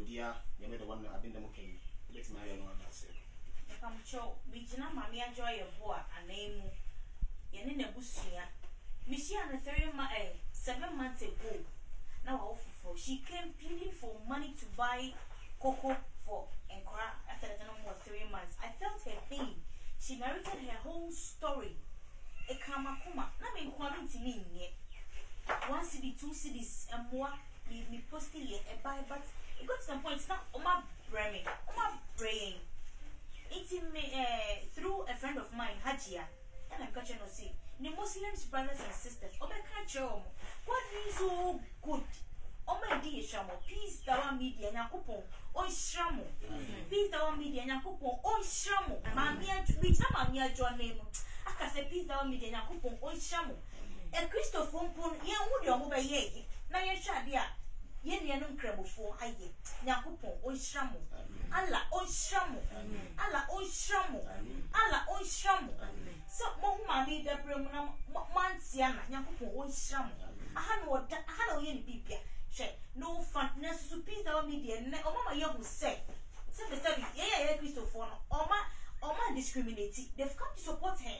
godiya game da wannan let bo a three ma eh, seven months ago na she came pleading for money to buy cocoa for after the no more three months i felt her pain she narrated her whole story ɛkamakoma na menkoa no ntumi nyɛ one cd two cds mmoa me me posting eh, yɛ but it got point na ọma brẹ mi ọma brẹ yẹn nti mi ẹẹ through a friend of mine Hajiya. ẹna mi ka kyerɛ no si ne muslims brothers and sisters ọbɛ ka kyerɛ wɔn What is so good ọmọ ẹdi yẹ hyẹn mo peace dawa media nyankopɔn ɔnhyira mo mm. peace dawa media nyankopɔn ɔnhyira mo maame adwo bi gyina maame adwo anan mu akasa peace dawa media nyankopɔn ɔnhyira mo ɛkristofo mpo yɛn ho deɛ ɔmo bɛyɛ yi na yɛhwɛ adeɛ a yɛn nua no nkramofoɔ ayɛ nyankopɔn ɔnhyira mo ala ɔnhyira mo ala ɔnhyira mo ala ɔnhyira mo sɛ mohu maame yi dabrɛ mu na moantia na nyankopɔn ɔnhyira mo aha na ɔda aha na ɔyɛ ne biribia hwɛ na ɔfa na susu pii sɛ ɔmi deɛ nnɛ ɔma ma yɛhu sɛ sɛbesɛbe yɛyɛ yɛyɛ kristofoɔ no ɔma ɔma discriminate they've come to support her